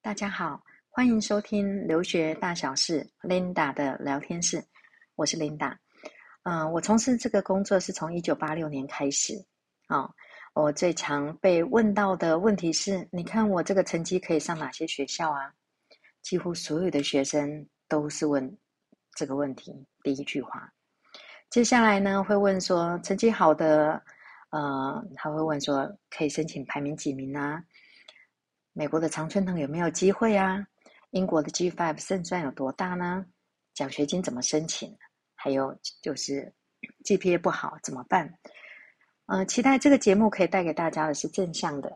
大家好，歡迎收聽《留學大小事》Linda 的聊天室，我是 Linda。呃，我從事這個工作是從一九八六年開始，啊，哦我、哦、最常被問到的問題是：你看我這個成績可以上哪些學校啊？幾乎所有的學生都是問這個問題。第一句話，接下來呢會問說成績好的，呃，他會問說可以申請排名幾名啊？美國的常春藤有沒有機會啊？英國的 G Five 勝算有多大呢？獎學金怎麼申請？還有就是 GPA 不好怎麼辦？呃，期待這個節目可以帶給大家的是正向的。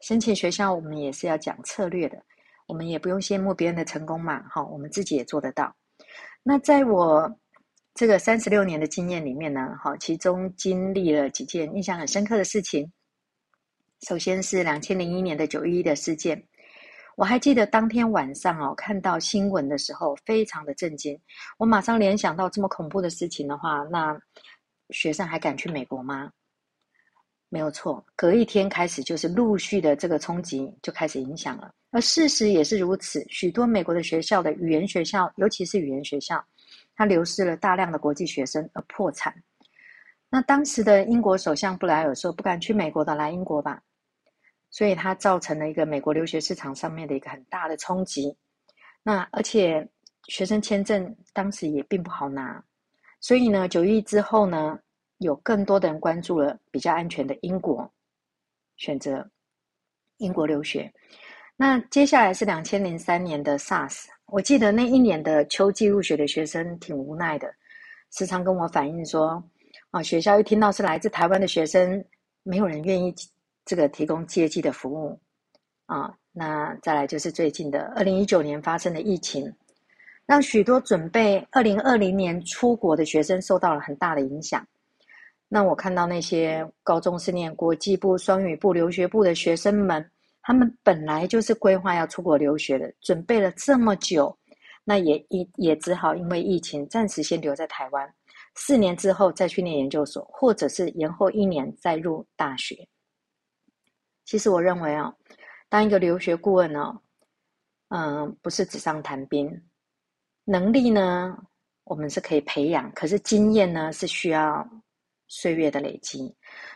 申請學校，我們也是要講策略的。我們也不用羨慕別人的成功嘛，哈，我們自己也做得到。那在我這個三十六年的經驗裡面呢，好，其中經歷了幾件印象很深刻的事情。首先是2001年的九一一的事件，我還記得當天晚上哦，看到新聞的時候，非常的震驚。我馬上聯想到這麼恐怖的事情的話，那學生還敢去美國嗎？沒有錯，隔一天開始就是陸續的這個衝擊就開始影響了。而事實也是如此，許多美國的學校的語言學校，尤其是語言學校，它流失了大量的國際學生而破產。那當時的英國首相布萊爾說：“不敢去美國的來英國吧。”所以它造成了一個美國留學市場上面的一個很大的衝擊。那而且學生簽證當時也並不好拿，所以呢，九月之後呢。有更多的人關注了比較安全的英國，選擇英國留學。那接下來是二零零三年的 SARS，我記得那一年的秋季入學的學生挺無奈的，時常跟我反映說：“啊，學校一聽到是來自台灣的學生，沒有人願意這個提供接機的服務。”啊，那再來就是最近的二零一九年發生的疫情，讓許多準備二零二零年出國的學生受到了很大的影響。那我看到那些高中是念國際部、雙語部、留學部的學生們，他們本來就是規劃要出國留學的，準備了這麼久，那也也也只好因為疫情暫時先留在台灣，四年之後再去念研究所，或者是延後一年再入大學。其實我認為啊、哦，當一個留學顧問呢、哦，嗯、呃，不是紙上談兵，能力呢我們是可以培養，可是經驗呢是需要歲月的累積，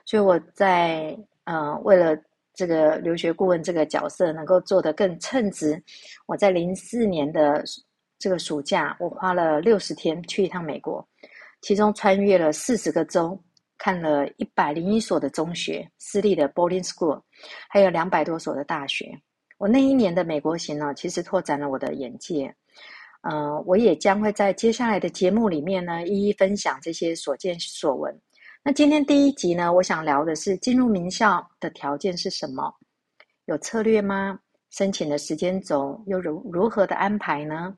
所以我在呃，為了這個留學顧問這個角色能夠做得更稱職，我在零四年的這個暑假，我花了六十天去一趟美國，其中穿越了四十個州，看了一百零一所的中學、私立的 boarding school，還有兩百多所的大學。我那一年的美國行呢，其實拓展了我的眼界。嗯、呃，我也將會在接下來的節目裡面呢，一一分享這些所見所聞。那今天第一集呢，我想聊的是進入名校的條件是什麼？有策略嗎？申請的時間軸又如如何的安排呢？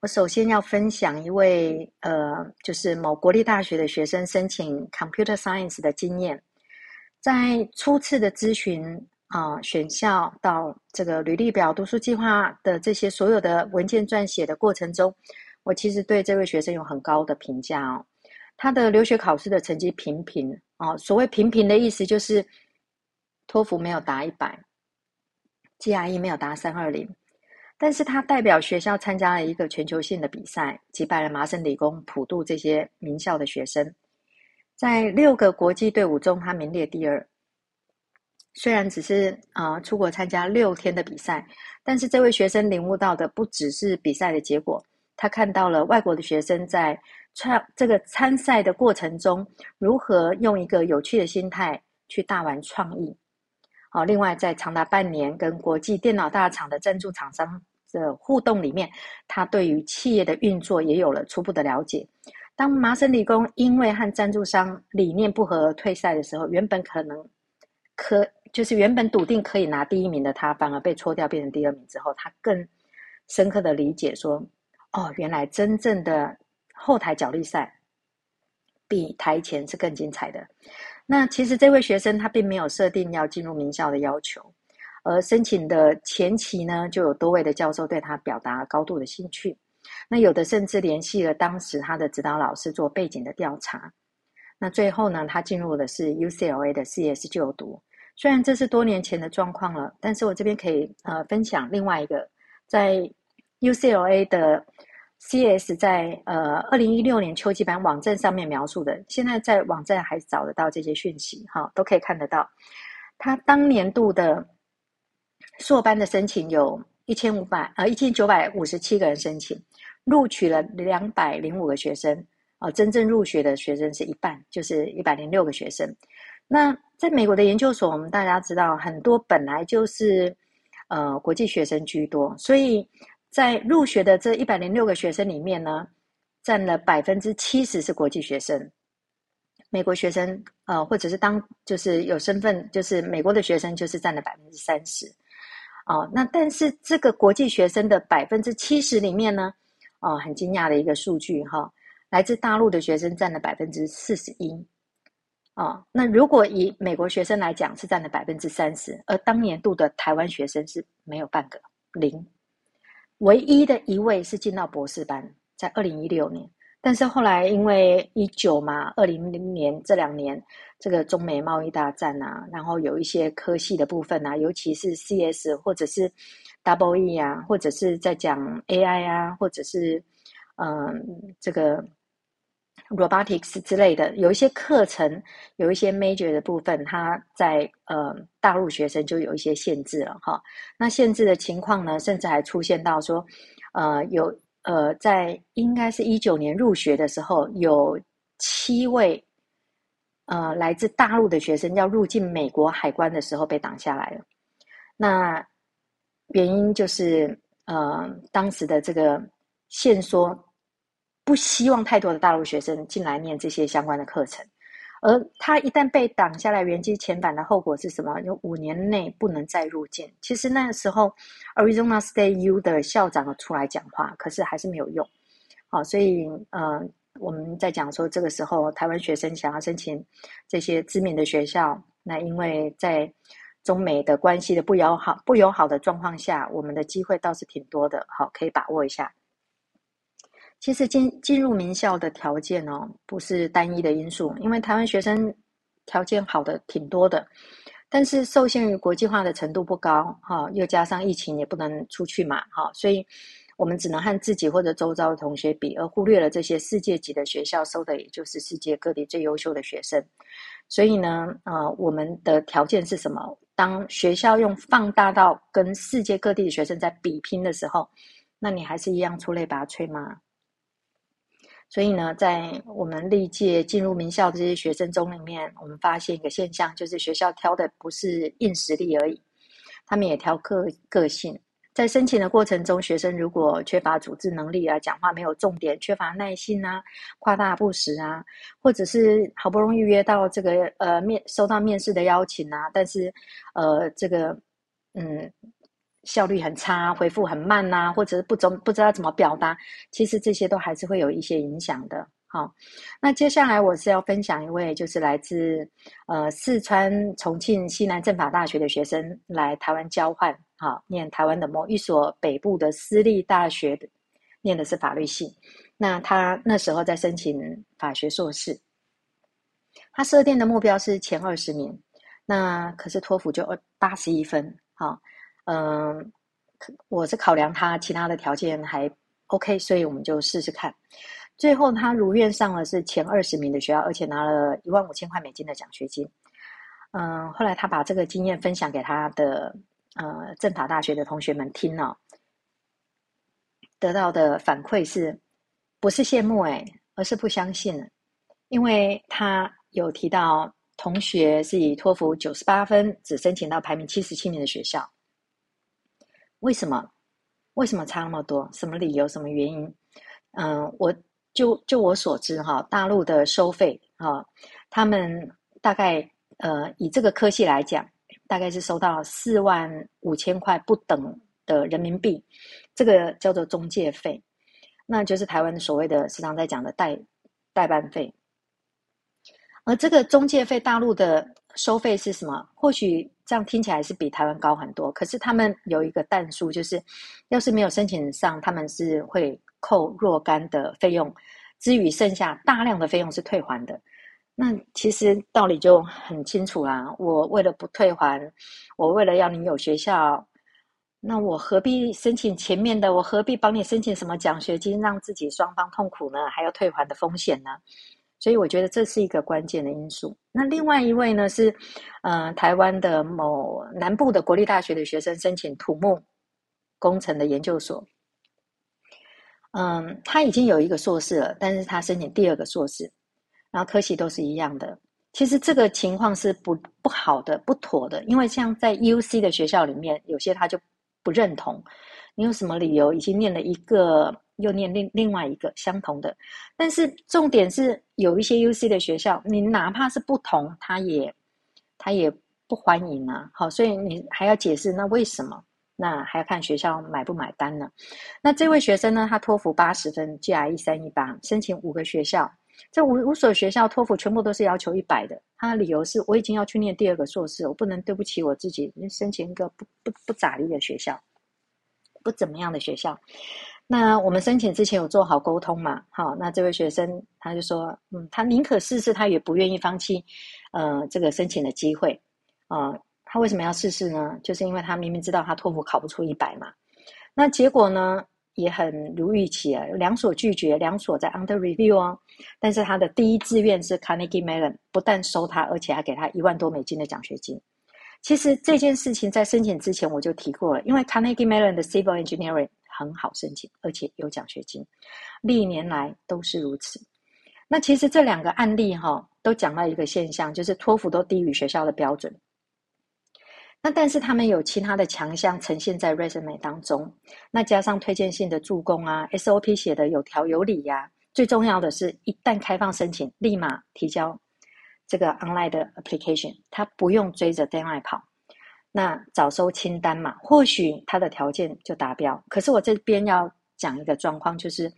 我首先要分享一位呃，就是某國立大學的學生申請 Computer Science 的經驗。在初次的諮詢啊、呃，選校到這個履歷表、讀書計劃的這些所有的文件撰寫的過程中，我其實對這位學生有很高的評價哦。他的留學考試的成績平平哦，所謂平平的意思就是，托福沒有達一百，GRE 沒有達三二零，但是他代表學校參加了一個全球性的比賽，擊敗了麻省理工、普渡這些名校的學生，在六個國際隊伍中，他名列第二。雖然只是啊出國參加六天的比賽，但是這位學生領悟到的不只是比賽的結果，他看到了外國的學生在。參這個參賽的過程中，如何用一個有趣的心態去大玩創意。好、哦，另外在長達半年跟國際電腦大廠的贊助廠商的互動裡面，他對於企業的運作也有了初步的了解。當麻省理工因為和贊助商理念不合而退賽的時候，原本可能可就是原本篤定可以拿第一名的他，反而被搓掉變成第二名之後，他更深刻的理解說：哦，原來真正的。後台角力賽比台前是更精彩的。那其實這位學生他並沒有設定要進入名校的要求，而申請的前期呢，就有多位的教授對他表達高度的興趣。那有的甚至聯繫了當時他的指導老師做背景的調查。那最後呢，他進入的是 UCLA 的 CS 就讀。雖然這是多年前的狀況了，但是我這邊可以呃分享另外一個在 UCLA 的。CS 在呃二零一六年秋季班網站上面描述的，現在在網站還找得到這些訊息，哈、哦，都可以看得到。他當年度的碩班的申請有一千五百呃一千九百五十七個人申請，錄取了兩百零五個學生，啊、呃，真正入學的學生是一半，就是一百零六個學生。那在美國的研究所，我們大家知道很多本來就是呃國際學生居多，所以，在入學的這一百零六個學生裡面呢，佔了百分之七十是國際學生，美國學生啊、呃，或者是當就是有身份就是美國的學生，就是佔了百分之三十。哦，那但是這個國際學生的百分之七十裡面呢，哦，很驚訝的一個數據哈、哦，來自大陸的學生佔了百分之四十一。哦，那如果以美國學生來講是佔了百分之三十，而當年度的台灣學生是沒有半個，零。唯一的一位是進到博士班，在二零一六年，但是後來因為一九嘛，二零零年這兩年，這個中美貿易大戰啊，然後有一些科系的部分啊，尤其是 CS 或者是 WE 啊，或者是在講 AI 啊，或者是嗯、呃、這個。Robotics 之類的，有一些課程，有一些 major 的部分，它在呃大陸學生就有一些限制了哈。那限制的情況呢，甚至還出現到說，呃，有呃在應該是一九年入學的時候，有七位呃來自大陸的學生要入境美國海關的時候被擋下來了。那原因就是呃當時的這個限縮不希望太多的大陸學生進來念這些相關的課程，而他一旦被擋下來，原機遣返的後果是什麼？有五年內不能再入境。其實那個時候，Arizona State U 的校長出來講話，可是還是沒有用。好，所以呃，我們在講說，這個時候台灣學生想要申請這些知名的學校，那因為在中美的關係的不友好、不友好的狀況下，我們的機會倒是挺多的，好，可以把握一下。其實進進入名校的條件哦，不是單一的因素，因為台灣學生條件好的挺多的，但是受限於國際化的程度不高哈，又加上疫情也不能出去嘛哈，所以我們只能和自己或者周遭的同學比，而忽略了這些世界級的學校收的也就是世界各地最優秀的學生。所以呢，呃，我們的條件是什麼？當學校用放大到跟世界各地的學生在比拼的時候，那你還是一樣出類拔萃嗎？所以呢，在我們歷屆進入名校的這些學生中裡面，我們發現一個現象，就是學校挑的不是硬實力而已，他們也挑個個性。在申請的過程中，學生如果缺乏組織能力啊，講話沒有重點，缺乏耐心啊，誇大不實啊，或者是好不容易約到這個呃面收到面試的邀請啊，但是呃這個嗯。效率很差，回復很慢吶、啊，或者是不怎不知道怎麼表達，其實這些都還是會有一些影響的。好、哦，那接下來我是要分享一位，就是來自呃四川重慶西南政法大學的學生來台灣交換、哦，念台灣的某一所北部的私立大學，念的是法律系。那他那時候在申請法學碩士，他設定的目標是前二十名，那可是托福就二八十一分，哦。嗯，我是考量他其他的條件還 OK，所以我們就試試看。最後他如願上了是前二十名的學校，而且拿了一萬五千塊美金的獎學金。嗯，後來他把這個經驗分享給他的呃政法大學的同學們聽了、哦，得到的反饋是不是羨慕哎、欸，而是不相信，因為他有提到同學是以托福九十八分只申請到排名七十七名的學校。為什麼？為什麼差那麼多？什麼理由？什麼原因？嗯、呃，我就就我所知哈，大陸的收費哈、呃，他們大概呃以這個科系來講，大概是收到四萬五千塊不等的人民幣，這個叫做中介費，那就是台灣所謂的時常在講的代代辦費。而這個中介費大陸的收費是什麼？或許。這樣聽起來是比台灣高很多，可是他們有一個但書，就是要是沒有申請上，他們是會扣若干的費用，至於剩下大量的費用是退還的。那其實道理就很清楚啦、啊。我為了不退還，我為了要你有學校，那我何必申請前面的？我何必幫你申請什麼獎學金，讓自己雙方痛苦呢？還要退還的風險呢？所以我覺得這是一個關鍵的因素。那另外一位呢是，呃，台灣的某南部的國立大學的學生申請土木工程的研究所。嗯，他已經有一個碩士了，但是他申請第二個碩士，然後科系都是一樣的。其實這個情況是不不好的、不妥的，因為像在 U C 的學校裡面，有些他就不認同，你有什麼理由已經念了一個？又念另，另外一個相同的，但是重點是有一些 UC 的學校，你哪怕是不同，他也他也不歡迎啊。好，所以你還要解釋，那為什麼？那還要看學校買不買單呢？那這位學生呢？他托福八十分 GRE 三一八，申請五個學校，這五五所學校托福全部都是要求一百的。他的理由是，我已經要去念第二個碩士，我不能對不起我自己，申請一個不不不咋地的學校，不怎麼樣的學校。那我們申請之前有做好溝通嘛？好，那這位學生他就說，嗯，他寧可試試，他也不願意放棄，呃，這個申請的機會啊，呃。他為什麼要試試呢？就是因為他明明知道他托福考不出一百嘛。那結果呢，也很如預期，啊，兩所拒絕，兩所在 under review 哦。但是他的第一志願是 Carnegie Mellon，不但收他，而且還給他一萬多美金的獎學金。其實這件事情在申請之前我就提過了，因為 Carnegie Mellon 的 Civil Engineering。很好申請，而且有獎學金，歷年來都是如此。那其實這兩個案例哈，都講了一個現象，就是托福都低於學校的標準。那但是他們有其他的強項呈現在 resume 當中，那加上推薦信的助攻啊，SOP 寫的有條有理呀啊，最重要的是一旦開放申請，立馬提交這個 online 的 application，他不用追着 deadline 跑。那早收清單嘛，或許他的條件就達標。可是我這邊要講一個狀況，就是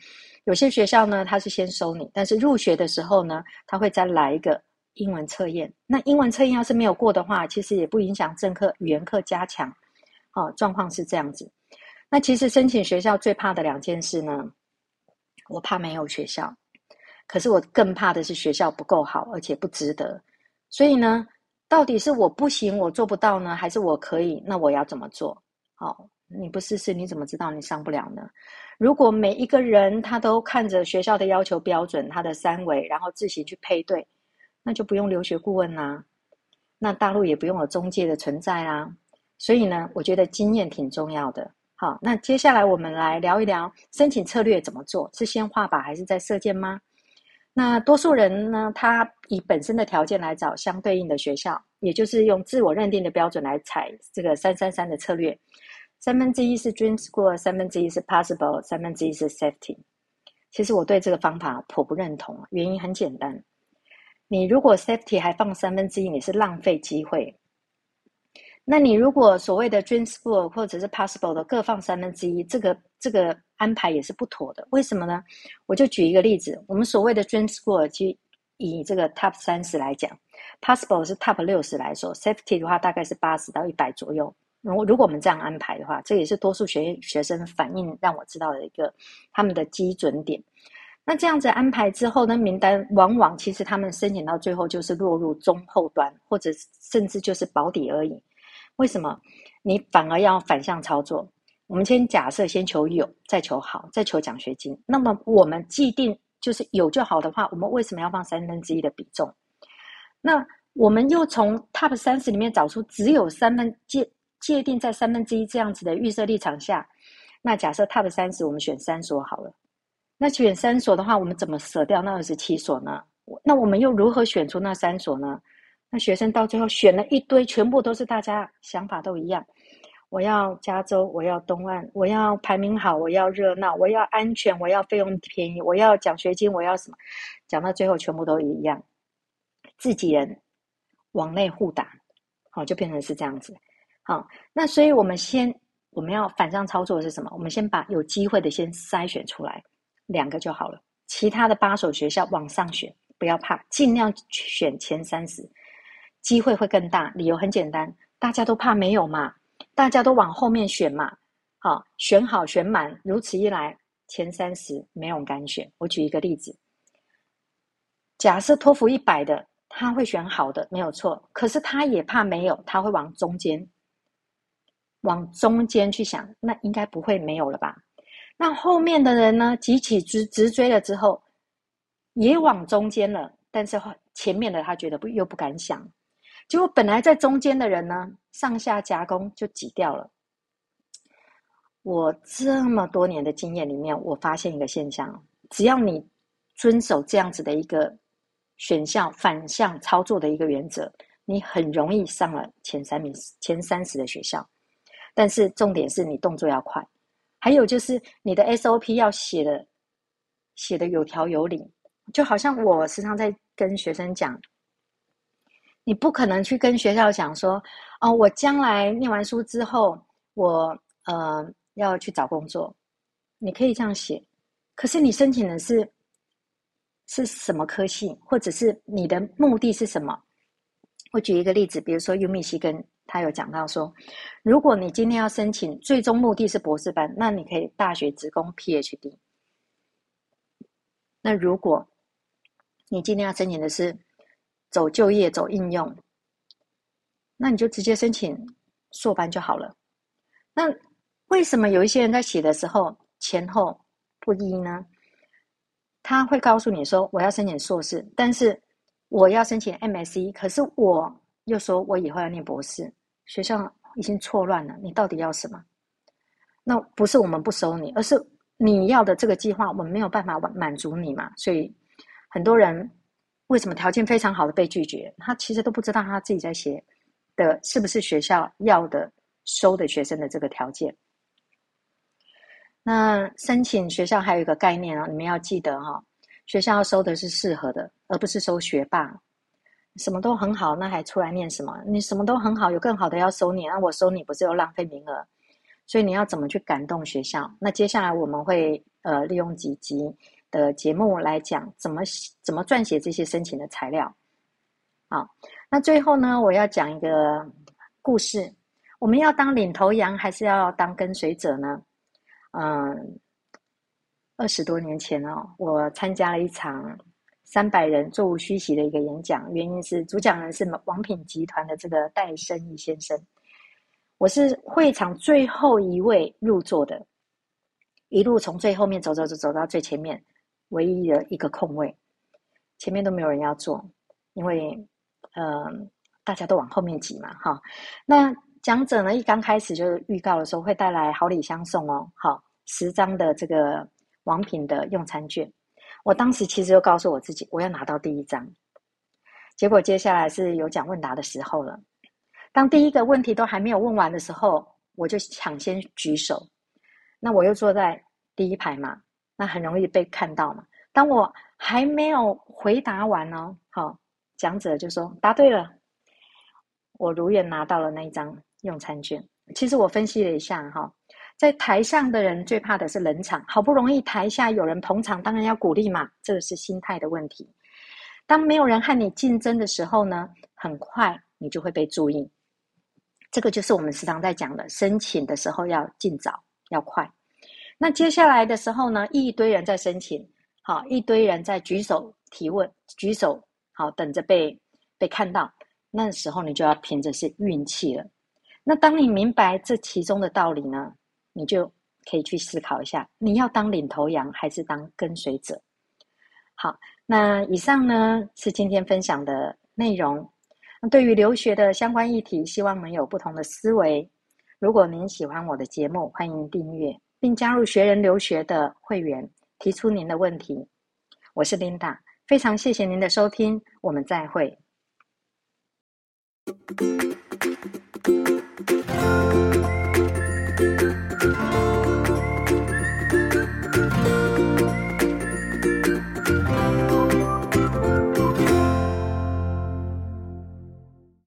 有些學校呢，他是先收你，但是入學的時候呢，他會再來一個英文測驗。那英文測驗要是沒有過的話，其實也不影響正課、語言課加強。哦，狀況是這樣子。那其實申請學校最怕的兩件事呢，我怕沒有學校，可是我更怕的是學校不夠好，而且不值得。所以呢。到底是我不行，我做不到呢，還是我可以？那我要怎麼做？好，你不試試你怎麼知道你上不了呢？如果每一個人他都看着學校的要求標準，他的三圍，然後自行去配對，那就不用留學顧問啦，啊，那大陸也不用有中介的存在啦，啊。所以呢，我覺得經驗挺重要的。好，那接下來我們來聊一聊申請策略怎麼做？是先畫靶還是再射箭嗎？那多數人呢，他以本身的條件來找相對應的學校，也就是用自我認定的標準來採這個三三三的策略，三分之一是 dream school，三分之一是 possible，三分之一是 safety。其實我對這個方法頗不認同，原因很簡單，你如果 safety 還放三分之一，你是浪費機會。那你如果所謂的 dream school 或者是 possible 的各放三分之一，這個這個安排也是不妥的。為什麼呢？我就舉一個例子，我們所謂的 dream school，就以這個 top 三十來講，possible 是 top 六十來說，safety 的話大概是八十到一百左右。如如果我們這樣安排的話，這也是多數學學生反映讓我知道的一個他們的基準點。那這樣子安排之後呢，名單往往其實他們申請到最後就是落入中後端，或者甚至就是保底而已。為什麼你反而要反向操作？我們先假設，先求有，再求好，再求獎學金。那麼，我們既定就是有就好的話，我們為什麼要放三分之一的比重？那我們又從 top 三十裡面找出只有三分界界定在三分之一這樣子的預設立場下，那假設 top 三十，我們選三所好了。那選三所的話，我們怎麼捨掉那二十七所呢？那我們又如何選出那三所呢？那學生到最後選了一堆，全部都是大家想法都一樣。我要加州，我要東岸，我要排名好，我要熱鬧，我要安全，我要費用便宜，我要獎學金，我要什麼？講到最後，全部都一樣，自己人往內互打，好，就變成是這樣子。好，那所以我們先，我們要反向操作的是什麼？我們先把有機會的先篩選出來，兩個就好了。其他的八所學校往上選，不要怕，盡量選前三十。機會會更大，理由很簡單，大家都怕沒有嘛，大家都往後面選嘛，好、啊、選好選滿，如此一來前三十沒有人敢選。我舉一個例子，假設托福一百的他會選好的，沒有錯，可是他也怕沒有，他會往中間，往中間去想，那應該不會沒有了吧？那後面的人呢，急起直直追了之後，也往中間了，但是前面的他覺得不又不敢想。結果本來在中間的人呢，上下夾攻就擠掉了。我這麼多年的經驗裡面，我發現一個現象：只要你遵守這樣子的一個選項反向操作的一個原則，你很容易上了前三名、前三十的學校。但是重點是你動作要快，還有就是你的 SOP 要寫的寫的有條有理。就好像我時常在跟學生講。你不可能去跟學校講說，哦，我將來念完書之後，我呃要去找工作。你可以這樣寫，可是你申請的是是什麼科系？或者是你的目的是什麼？我舉一個例子，比如說，密西根他有講到說，如果你今天要申請，最終目的是博士班，那你可以大學直攻 PhD。那如果你今天要申請的是走就業走應用，那你就直接申請碩班就好了。那為什麼有一些人在寫的時候前後不一呢？他會告訴你說：“我要申請碩士，但是我要申請 MSE，可是我又說我以後要念博士，學校已經錯亂了。你到底要什麼？那不是我們不收你，而是你要的這個計劃我們沒有辦法滿足你嘛。所以很多人。”為什麼條件非常好的被拒絕？他其實都不知道他自己在寫的是不是學校要的、收的學生的這個條件。那申請學校還有一個概念啊，你們要記得哈、哦，學校要收的是適合的，而不是收學霸。什麼都很好，那還出來念什麼？你什麼都很好，有更好的要收你、啊，那我收你不是又浪費名額？所以你要怎麼去感動學校？那接下來我們會呃利用幾集。的節目來講，怎麼怎麼撰寫這些申請的材料？好，那最後呢，我要講一個故事。我們要當領頭羊，還是要當跟隨者呢？嗯，二十多年前哦，我參加了一場三百人座無虛席的一個演講，原因是主講人是王品集團的這個戴勝益先生。我是會場最後一位入座的，一路從最後面走走走走到最前面。唯一的一個空位，前面都沒有人要坐，因為，嗯，大家都往後面擠嘛，哈。那講者呢，一剛開始就是預告的時候，會帶來好禮相送哦，好，十張的這個王品的用餐券。我當時其實就告訴我自己，我要拿到第一張。結果接下來是有講問答的時候了，當第一個問題都還沒有問完的時候，我就搶先舉手。那我又坐在第一排嘛。那很容易被看到嘛。當我還沒有回答完哦，好，講者就說答對了，我如願拿到了那一張用餐券。其實我分析了一下哈，在台上的人最怕的是冷場，好不容易台下有人捧場，當然要鼓勵嘛，這個是心態的問題。當沒有人和你競爭的時候呢，很快你就會被注意。這個就是我們時常在講的，申請的時候要盡早，要快。那接下來的時候呢，一堆人在申請，好，一堆人在舉手提問，舉手，好，等着被被看到。那時候你就要憑着是運氣了。那當你明白這其中的道理呢，你就可以去思考一下，你要當領頭羊還是當跟隨者。好，那以上呢，是今天分享的內容。那對於留學的相關議題，希望能有不同的思維。如果您喜歡我的節目，歡迎訂閱。並加入學人留學的會員，提出您的問題。我是 Linda，非常謝謝您的收聽，我們再會。